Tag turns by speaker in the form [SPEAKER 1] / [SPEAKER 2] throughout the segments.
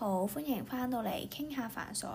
[SPEAKER 1] 好，歡迎返到嚟傾下煩瑣事，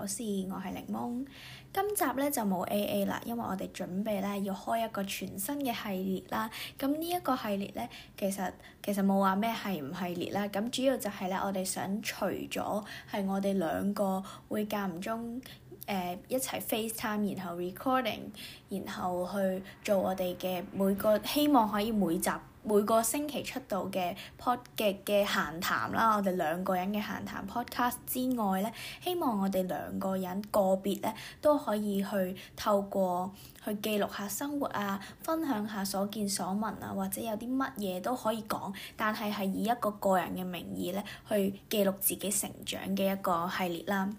[SPEAKER 1] 我係檸檬。今集咧就冇 AA 啦，因為我哋準備咧要開一個全新嘅系列啦。咁呢一個系列咧，其實其實冇話咩係唔係列啦。咁主要就係咧，我哋想除咗係我哋兩個會間唔中誒一齊 FaceTime，然後 recording，然後去做我哋嘅每個希望可以每集。每個星期出到嘅 pod 嘅嘅閒談啦，我哋兩個人嘅閒談 podcast 之外咧，希望我哋兩個人個別咧都可以去透過去記錄下生活啊，分享下所見所聞啊，或者有啲乜嘢都可以講，但係係以一個個人嘅名義咧去記錄自己成長嘅一個系列啦。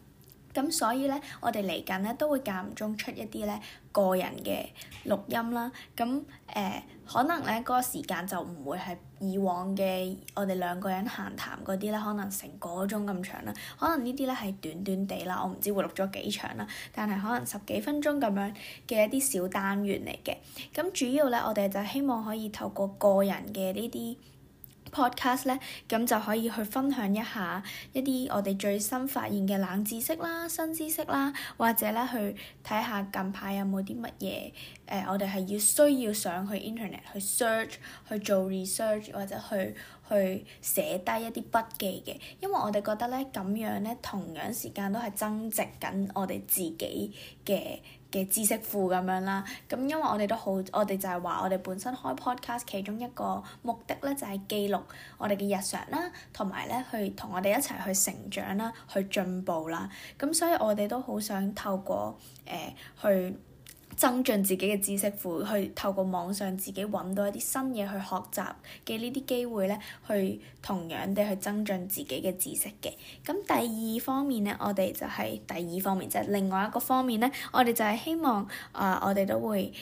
[SPEAKER 1] 咁所以呢，我哋嚟緊呢都會間唔中出一啲呢個人嘅錄音啦。咁誒、呃，可能呢個時間就唔會係以往嘅我哋兩個人閒談嗰啲啦，可能成個鐘咁長啦。可能呢啲呢係短短地啦，我唔知會錄咗幾長啦，但係可能十幾分鐘咁樣嘅一啲小單元嚟嘅。咁主要呢，我哋就希望可以透過個人嘅呢啲 Podcast 咧，咁就可以去分享一下一啲我哋最新發現嘅冷知識啦、新知識啦，或者咧，去睇下近排有冇啲乜嘢誒，我哋係要需要上去 Internet 去 search 去做 research 或者去去寫低一啲筆記嘅，因為我哋覺得咧，咁樣咧，同樣時間都係增值緊我哋自己嘅嘅知識庫咁樣啦，咁因為我哋都好，我哋就係話我哋本身開 Podcast 其中一個目的咧，就係記錄我哋嘅日常啦，同埋咧去同我哋一齊去成長啦，去進步啦，咁所以我哋都好想透過誒、呃、去。增進自己嘅知識庫，去透過網上自己揾到一啲新嘢去學習嘅呢啲機會呢，去同樣地去增進自己嘅知識嘅。咁第二方面呢，我哋就係、是、第二方面即係、就是、另外一個方面呢，我哋就係希望啊、呃，我哋都會。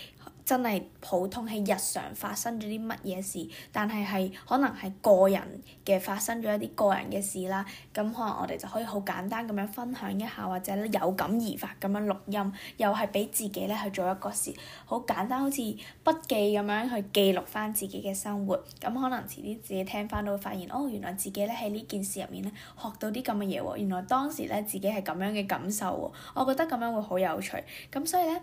[SPEAKER 1] 真係普通喺日常發生咗啲乜嘢事，但係係可能係個人嘅發生咗一啲個人嘅事啦。咁可能我哋就可以好簡單咁樣分享一下，或者有感而發咁樣錄音，又係俾自己咧去做一個事，好簡單好似筆記咁樣去記錄翻自己嘅生活。咁可能遲啲自己聽翻都會發現，哦原來自己咧喺呢件事入面咧學到啲咁嘅嘢喎。原來當時咧自己係咁樣嘅感受喎。我覺得咁樣會好有趣。咁所以呢。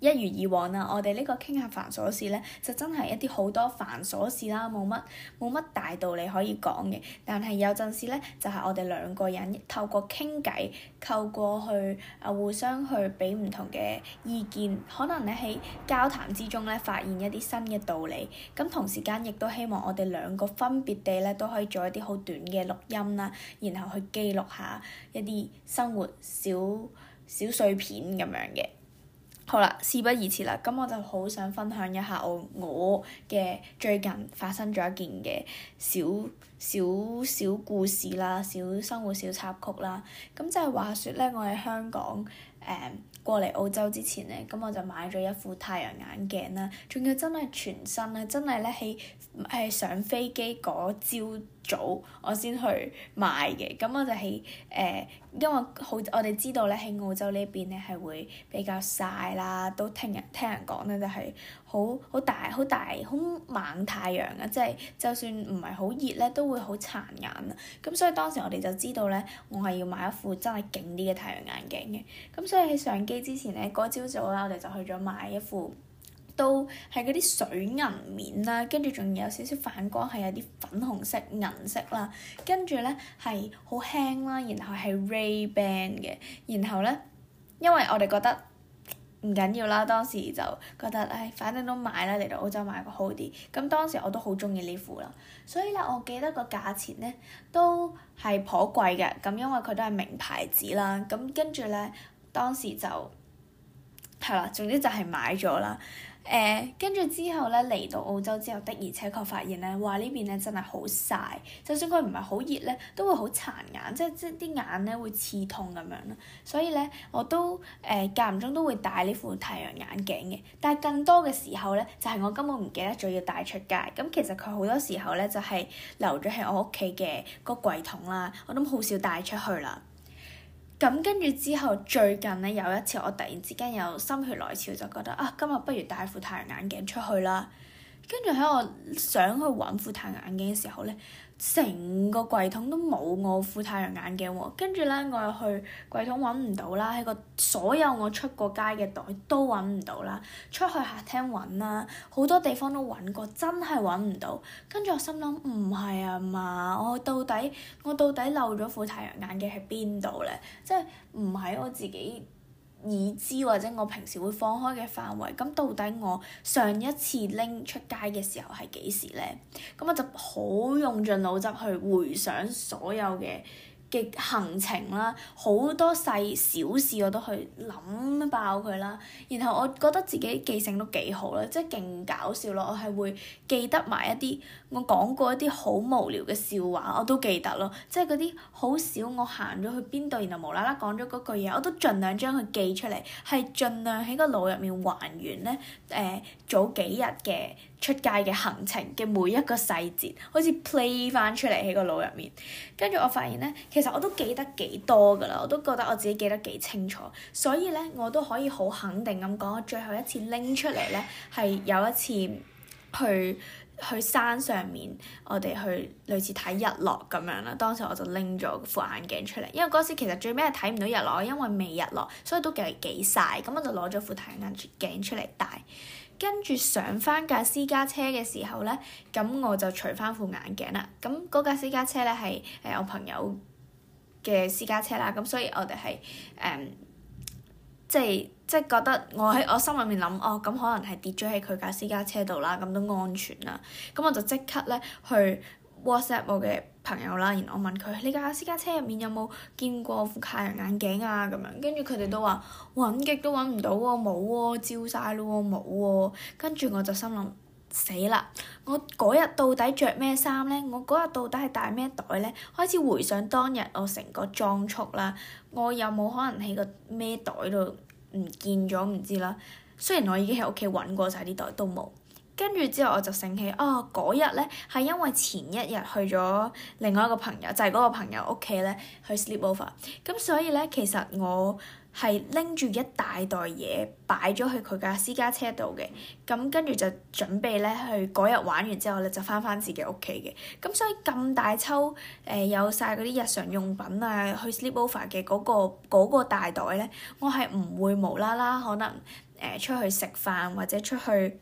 [SPEAKER 1] 一如以往啊，我哋呢個傾下繁瑣事呢，就真係一啲好多繁瑣事啦，冇乜冇乜大道理可以講嘅。但係有陣時呢，就係、是、我哋兩個人透過傾偈，透過去啊互相去畀唔同嘅意見，可能你喺交談之中呢，發現一啲新嘅道理。咁同時間亦都希望我哋兩個分別地呢，都可以做一啲好短嘅錄音啦，然後去記錄下一啲生活小小碎片咁樣嘅。好啦，事不宜遲啦，咁我就好想分享一下我嘅最近發生咗一件嘅小小小故事啦，小生活小插曲啦，咁即係話說呢，我喺香港。誒、嗯、過嚟澳洲之前咧，咁、嗯、我就買咗一副太陽眼鏡啦，仲要真係全新咧，真係咧，喺喺上飛機嗰朝早我、嗯，我先去買嘅。咁我就喺誒，因為好我哋知道咧，喺澳洲呢一邊咧係會比較曬啦，都聽人聽人講咧就係、是。好好大好大好猛太陽嘅、啊，即、就、係、是、就算唔係好熱咧，都會好殘眼、啊。咁所以當時我哋就知道咧，我係要買一副真係勁啲嘅太陽眼鏡嘅。咁所以喺上機之前咧，嗰、那、朝、個、早啦，我哋就去咗買一副，都係嗰啲水銀面啦、啊，跟住仲有少少反光，係有啲粉紅色銀色啦、啊。跟住咧係好輕啦，然後係 RayBan 嘅。然後咧，因為我哋覺得。唔緊要啦，當時就覺得，唉、哎，反正都買啦，嚟到澳洲買個好啲。咁當時我都好中意呢副啦，所以咧，我記得個價錢呢都係頗貴嘅，咁因為佢都係名牌子啦。咁跟住呢，當時就係啦，總之就係買咗啦。誒跟住之後咧，嚟到澳洲之後，的而且確發現咧，哇呢邊咧真係好晒，就算佢唔係好熱咧，都會好殘眼，即係即啲眼咧會刺痛咁樣咯。所以咧，我都誒間唔中都會戴呢副太陽眼鏡嘅，但係更多嘅時候咧，就係我根本唔記得咗要帶出街。咁其實佢好多時候咧就係留咗喺我屋企嘅個櫃桶啦，我都好少帶出去啦。咁跟住之後，最近咧有一次，我突然之間有心血來潮，就覺得啊，今日不如戴副太陽眼鏡出去啦。跟住喺我想去揾副太陽眼鏡嘅時候呢，成個櫃桶都冇我副太陽眼鏡喎。跟住呢，我又去櫃桶揾唔到啦，喺個所有我出過街嘅袋都揾唔到啦。出去客廳揾啦，好多地方都揾過，真係揾唔到。跟住我心諗唔係啊嘛，我到底我到底漏咗副太陽眼鏡喺邊度呢？即係唔喺我自己。已知或者我平時會放開嘅範圍，咁到底我上一次拎出街嘅時候係幾時呢？咁我就好用盡腦汁去回想所有嘅。嘅行程啦，好多細小，小事我都去諗爆佢啦。然後我覺得自己記性都幾好啦，即係勁搞笑咯。我係會記得埋一啲我講過一啲好無聊嘅笑話，我都記得咯。即係嗰啲好少，我行咗去邊度，然後無啦啦講咗嗰句嘢，我都盡量將佢記出嚟，係盡量喺個腦入面還原咧。誒、呃，早幾日嘅，出街嘅行程嘅每一個細節好似 play 翻出嚟，喺個腦入面，跟住我發現呢，其實我都記得幾多噶啦，我都覺得我自己記得幾清楚，所以呢，我都可以好肯定咁講。我最後一次拎出嚟呢，係有一次去去山上面，我哋去類似睇日落咁樣啦，當時我就拎咗副眼鏡出嚟，因為嗰時，其實最尾係睇唔到日落，因為未日落，所以都幾幾晒，咁我就攞咗副太陽眼鏡出嚟戴。跟住上翻架私家車嘅時候呢，咁我就除翻副眼鏡啦。咁嗰架私家車呢，係誒我朋友嘅私家車啦。咁所以我哋係誒，即係即係覺得我喺我心裏面諗哦，咁可能係跌咗喺佢架私家車度啦，咁都安全啦。咁我就即刻呢去 WhatsApp 我嘅朋友啦，然後我問佢：你架私家車入面有冇見過副太陽眼鏡啊？咁樣跟住佢哋都話揾極都揾唔到喎、啊，冇喎、啊，焦晒咯喎，冇喎、啊。跟住我就心諗死啦！我嗰日到底着咩衫咧？我嗰日到底係帶咩袋咧？開始回想當日我成個裝束啦，我有冇可能喺個咩袋度唔見咗唔知啦？雖然我已經喺屋企揾過晒啲袋都冇。跟住之後我就醒起，哦，嗰日呢係因為前一日去咗另外一個朋友，就係、係、嗰個朋友屋企呢，去 sleepover，咁所以呢，其實我係拎住一大袋嘢擺咗去佢架私家車度嘅，咁跟住就準備呢，去嗰日玩完之後呢，就翻翻自己屋企嘅，咁所以咁大抽誒、呃、有晒嗰啲日常用品啊去 sleepover 嘅嗰、嗰個嗰個大袋呢，我係唔會無啦啦可能誒、呃、出去食飯或者出去。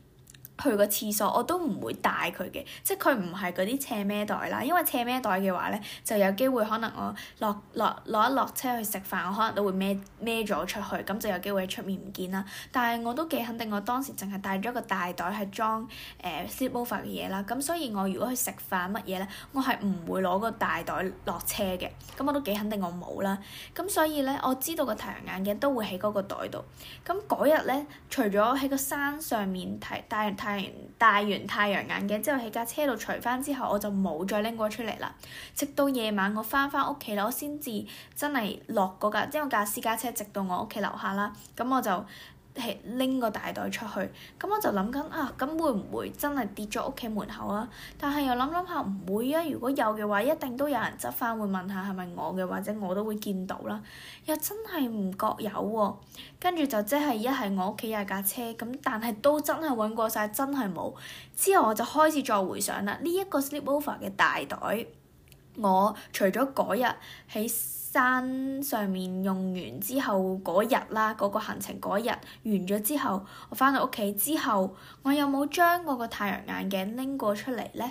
[SPEAKER 1] 去個廁所我都唔會帶佢嘅，即係佢唔係嗰啲斜孭袋啦，因為斜孭袋嘅話呢，就有機會可能我落落落一落車去食飯，我可能都會孭孭咗出去，咁就有機會喺出面唔見啦。但係我都幾肯定，我當時淨係帶咗一個大袋去裝誒 sleepover 嘅嘢啦，咁所以我如果去食飯乜嘢呢，我係唔會攞個大袋落車嘅，咁我都幾肯定我冇啦。咁所以呢，我知道個太陽眼鏡都會喺嗰個袋度。咁嗰日呢，除咗喺個山上面睇，帶太陽。戴完戴完太陽眼鏡之後喺架車度除翻之後，我就冇再拎過出嚟啦。直到夜晚我翻翻屋企啦，我先至真係落過架，即係我架私家車直到我屋企樓下啦，咁我就。係拎個大袋出去，咁我就諗緊啊，咁會唔會真係跌咗屋企門口啊？但係又諗諗下唔會啊！如果有嘅話，一定都有人執翻，會問下係咪我嘅，或者我都會見到啦。又真係唔覺有喎、啊，跟住就即、係、係一係我屋企有架車，咁但係都真係揾過晒，真係冇。之後我就開始再回想啦，呢、這、一個 sleepover 嘅大袋，我除咗嗰日喺。山上面用完之後嗰日啦，嗰個行程嗰日完咗之後，我返到屋企之後，我有冇將嗰個太陽眼鏡拎過出嚟咧？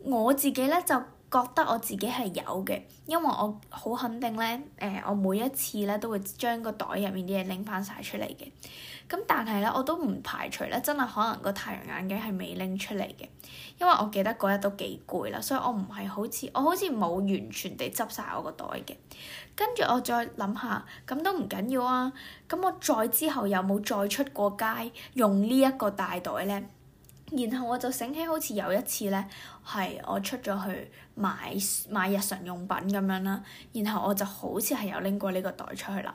[SPEAKER 1] 我自己咧就～覺得我自己係有嘅，因為我好肯定呢。誒、呃，我每一次呢，都會將個袋入面啲嘢拎翻晒出嚟嘅。咁但係呢，我都唔排除呢，真係可能個太陽眼鏡係未拎出嚟嘅，因為我記得嗰日都幾攰啦，所以我唔係好似我好似冇完全地執晒我個袋嘅。跟住我再諗下，咁都唔緊要要啊。咁我再之後有冇再出過街用呢一個大袋呢？然後我就醒起，好似有一次呢，係我出咗去買買日常用品咁樣啦。然後我就好似係有拎過呢個袋出去啦。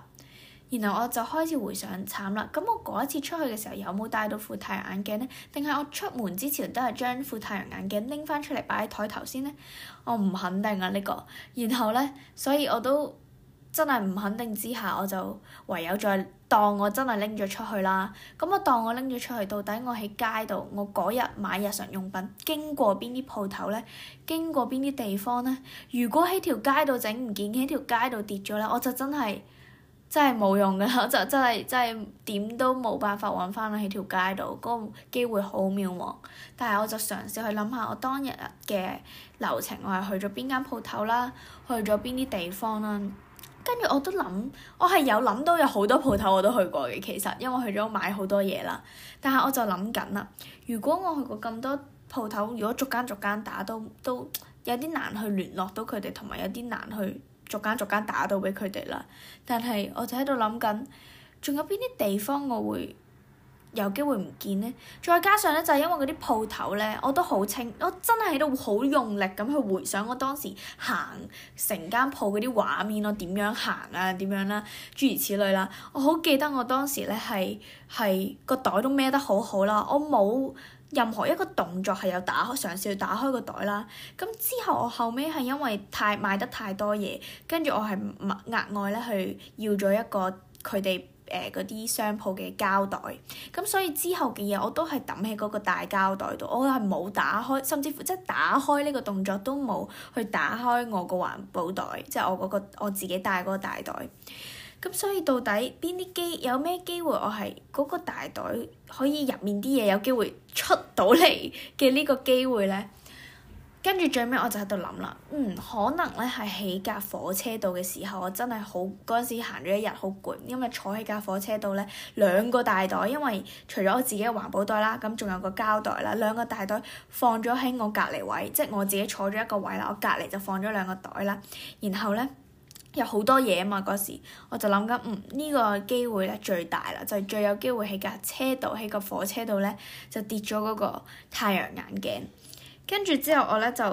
[SPEAKER 1] 然後我就開始回想慘，慘啦！咁我嗰一次出去嘅時候，有冇戴到副太陽眼鏡呢？定係我出門之前都係將副太陽眼鏡拎翻出嚟擺喺台頭先呢？我唔肯定啊呢、這個。然後呢，所以我都。真係唔肯定之下，我就唯有再當我真係拎咗出去啦。咁我當我拎咗出去，到底我喺街度，我嗰日買日常用品經過邊啲鋪頭呢？經過邊啲地方呢？如果喺條街度整唔見，喺條街度跌咗呢，我就真係真係冇用噶啦！ 我就真係真係點都冇辦法揾翻啦。喺條街度嗰、那個機會好渺茫，但係我就嘗試去諗下我當日嘅流程，我係去咗邊間鋪頭啦，去咗邊啲地方啦。跟住我都諗，我係有諗到有好多鋪頭我都去過嘅，其實因為我去咗買好多嘢啦。但係我就諗緊啦，如果我去過咁多鋪頭，如果逐間逐間打都都有啲難去聯絡到佢哋，同埋有啲難去逐間逐間打到畀佢哋啦。但係我就喺度諗緊，仲有邊啲地方我會有機會唔見呢？再加上呢，就係因為嗰啲鋪頭呢，我都好清，我真係喺度好用力咁去回想我當時行成間鋪嗰啲畫面咯，點樣行啊，點樣啦、啊，諸如此類啦。我好記得我當時呢，係係個袋都孭得好好啦，我冇任何一個動作係有打開嘗試去打開個袋啦。咁之後我後尾係因為太買得太多嘢，跟住我係額外呢，去要咗一個佢哋。誒嗰啲商鋪嘅膠袋，咁所以之後嘅嘢我都係揼喺嗰個大膠袋度，我係冇打開，甚至乎即係打開呢個動作都冇，去打開我個環保袋，即係我嗰個我自己帶嗰個大袋。咁所以到底邊啲機有咩機會我，我係嗰個大袋可以入面啲嘢有機會出到嚟嘅呢個機會呢？跟住最尾我就喺度諗啦，嗯，可能咧係喺架火車度嘅時候，我真係好嗰陣時行咗一日好攰，因為坐喺架火車度咧兩個大袋，因為除咗我自己嘅環保袋啦，咁仲有個膠袋啦，兩個大袋放咗喺我隔離位，即係我自己坐咗一個位啦，我隔離就放咗兩個袋啦。然後咧有好多嘢啊嘛，嗰時我就諗緊，嗯呢個機會咧最大啦，就係最有機會喺架車度喺個火車度咧就跌咗嗰個太陽眼鏡。跟住之後我，我咧就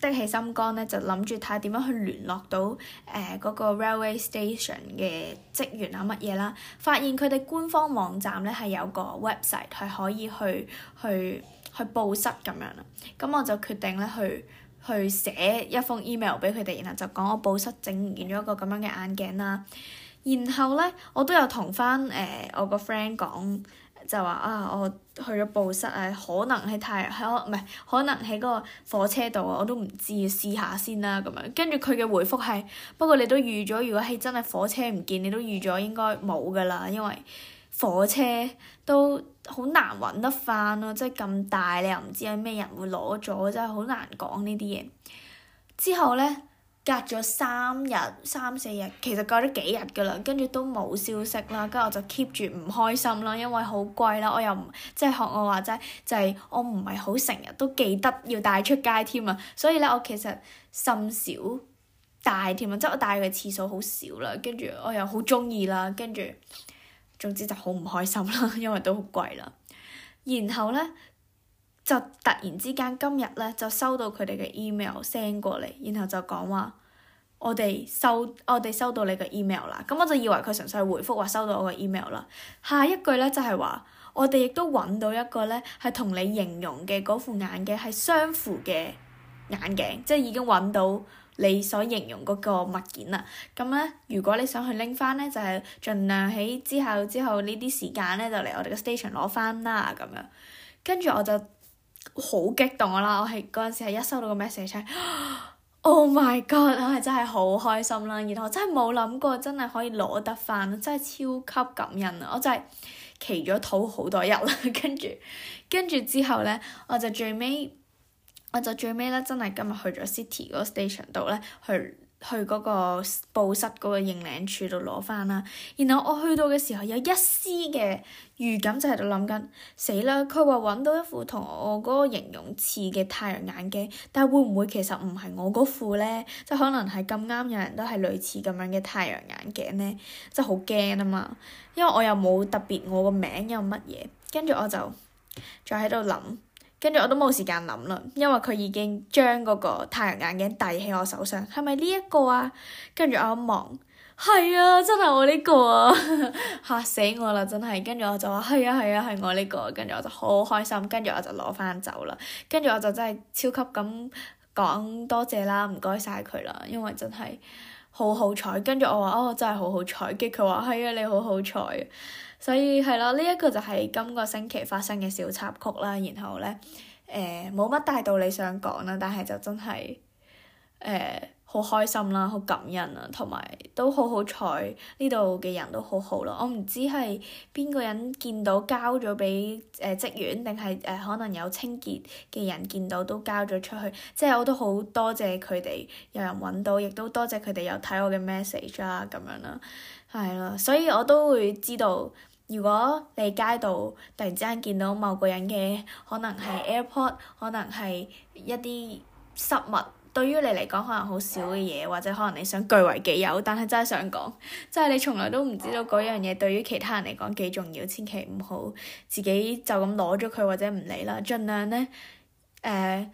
[SPEAKER 1] 的起心肝咧，就諗住睇下點樣去聯絡到誒嗰、呃嗰個 railway station 嘅職員啊乜嘢啦。發現佢哋官方網站咧係有個 website 係可以去去去報失咁樣啦。咁我就決定咧去去寫一封 email 俾佢哋，然後就講我報失整完咗一個咁樣嘅眼鏡啦、啊。然後咧，我都有同翻誒我個 friend 講。就話啊，我去咗報失，啊，可能喺太陽喺我唔係，可能喺嗰個火車度啊，我都唔知，試下先啦咁樣。跟住佢嘅回覆係，不過你都預咗，如果係真係火車唔見，你都預咗應該冇噶啦，因為火車都好難揾得翻咯，即係咁大，你又唔知係咩人會攞咗，真係好難講呢啲嘢。之後咧。隔咗三日、三四日，其實隔咗幾日噶啦，跟住都冇消息啦，跟住我就 keep 住唔開心啦，因為好貴啦，我又唔即係學我話齋，就係我唔係好成日都記得要帶出街添啊，所以咧我其實甚少帶添啊，即係我帶嘅次數好少啦，跟住我又好中意啦，跟住總之就好唔開心啦，因為都好貴啦，然後咧。就突然之間今日咧，就收到佢哋嘅 email send 過嚟，然後就講話我哋收我哋收到你嘅 email 啦。咁我就以為佢純粹係回覆話收到我嘅 email 啦。下一句咧就係話我哋亦都揾到一個咧係同你形容嘅嗰副眼鏡係相符嘅眼鏡，即係已經揾到你所形容嗰個物件啦。咁咧如果你想去拎翻咧，就係儘量喺之後之後呢啲時間咧就嚟我哋嘅 station 攞翻啦咁樣。跟住我就好激動啦！我係嗰陣時係一收到個 message、啊、Oh my god！我係真係好開心啦，然後真係冇諗過真係可以攞得翻，真係超級感人啊！我真係企咗肚好多日啦，跟住跟住之後咧，我就最尾我就最尾咧真係今日去咗 city 嗰個 station 度咧去。去嗰個布室嗰個認領處度攞翻啦，然後我去到嘅時候有一絲嘅預感就，就喺度諗緊死啦！佢話揾到一副同我嗰個形容似嘅太陽眼鏡，但係會唔會其實唔係我嗰副咧？即係可能係咁啱，有人都係類似咁樣嘅太陽眼鏡咧，即係好驚啊嘛！因為我又冇特別我個名又乜嘢，跟住我就再喺度諗。跟住我都冇時間諗啦，因為佢已經將嗰個太陽眼鏡遞喺我手上，係咪呢一個啊？跟住我一望，係啊，真係我呢個啊， 嚇死我啦，真係！跟住我就話係啊，係啊，係我呢個，跟住我就好開心，跟住我就攞翻走啦。跟住我就真係超級咁講多謝啦，唔該晒佢啦，因為真係好好彩。跟住我話哦，真係好好彩激。跟佢話係啊，你好好彩。所以係咯，呢一個就係今個星期發生嘅小插曲啦。然後呢，誒冇乜大道理想講啦，但係就真係誒好開心啦，好感恩啊，同埋都好好彩呢度嘅人都好好咯。我唔知係邊個人見到，交咗俾誒職員，定係誒可能有清潔嘅人見到都交咗出去。即係我都好多謝佢哋有人揾到，亦都多謝佢哋有睇我嘅 message 啦。咁樣啦，係咯。所以我都會知道。如果你喺街度突然之間見到某個人嘅可能係 AirPod 可能係一啲失物，對於你嚟講可能好少嘅嘢，或者可能你想據為己有，但係真係想講，真係你從來都唔知道嗰樣嘢對於其他人嚟講幾重要，千祈唔好自己就咁攞咗佢或者唔理啦，盡量呢，誒、呃，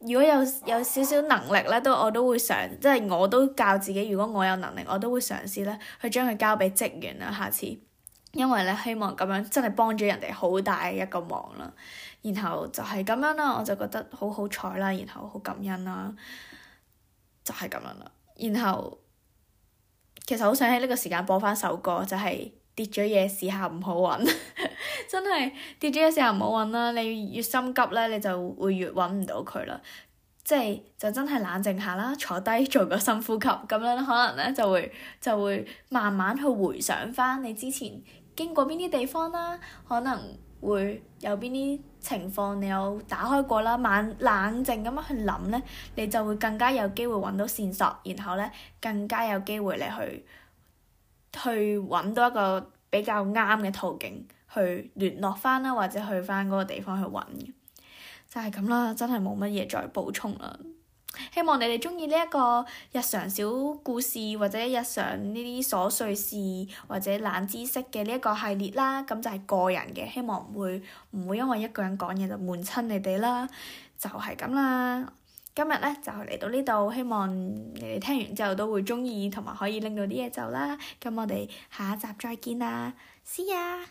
[SPEAKER 1] 如果有有少少能力呢，都我都會嘗，即係我都教自己，如果我有能力，我都會嘗試呢，去將佢交俾職員啦，下次。因為咧，希望咁樣真係幫咗人哋好大一個忙啦。然後就係咁樣啦，我就覺得好好彩啦。然後好感恩啦，就係咁樣啦。然後其實好想喺呢個時間播翻首歌，就係跌咗嘢試下唔好揾， 真係跌咗嘢試下唔好揾啦。你越心急咧，你就會越揾唔到佢啦。即係就真係冷靜下啦，坐低做個深呼吸，咁樣可能咧就會就會，就會慢慢去回想翻你之前。經過邊啲地方啦，可能會有邊啲情況你有打開過啦，冷冷靜咁樣去諗咧，你就會更加有機會揾到線索，然後咧更加有機會你去去揾到一個比較啱嘅途徑去聯絡翻啦，或者去翻嗰個地方去揾，就係咁啦，真係冇乜嘢再補充啦。希望你哋鍾意呢一個日常小故事或者日常呢啲瑣碎事或者冷知識嘅呢一個系列啦，咁就係個人嘅希望，唔會唔會因為一個人講嘢就悶親你哋啦，就係、是、咁啦。今日咧就嚟到呢度，希望你哋聽完之後都會鍾意同埋可以拎到啲嘢走啦。咁我哋下一集再見啦 See you！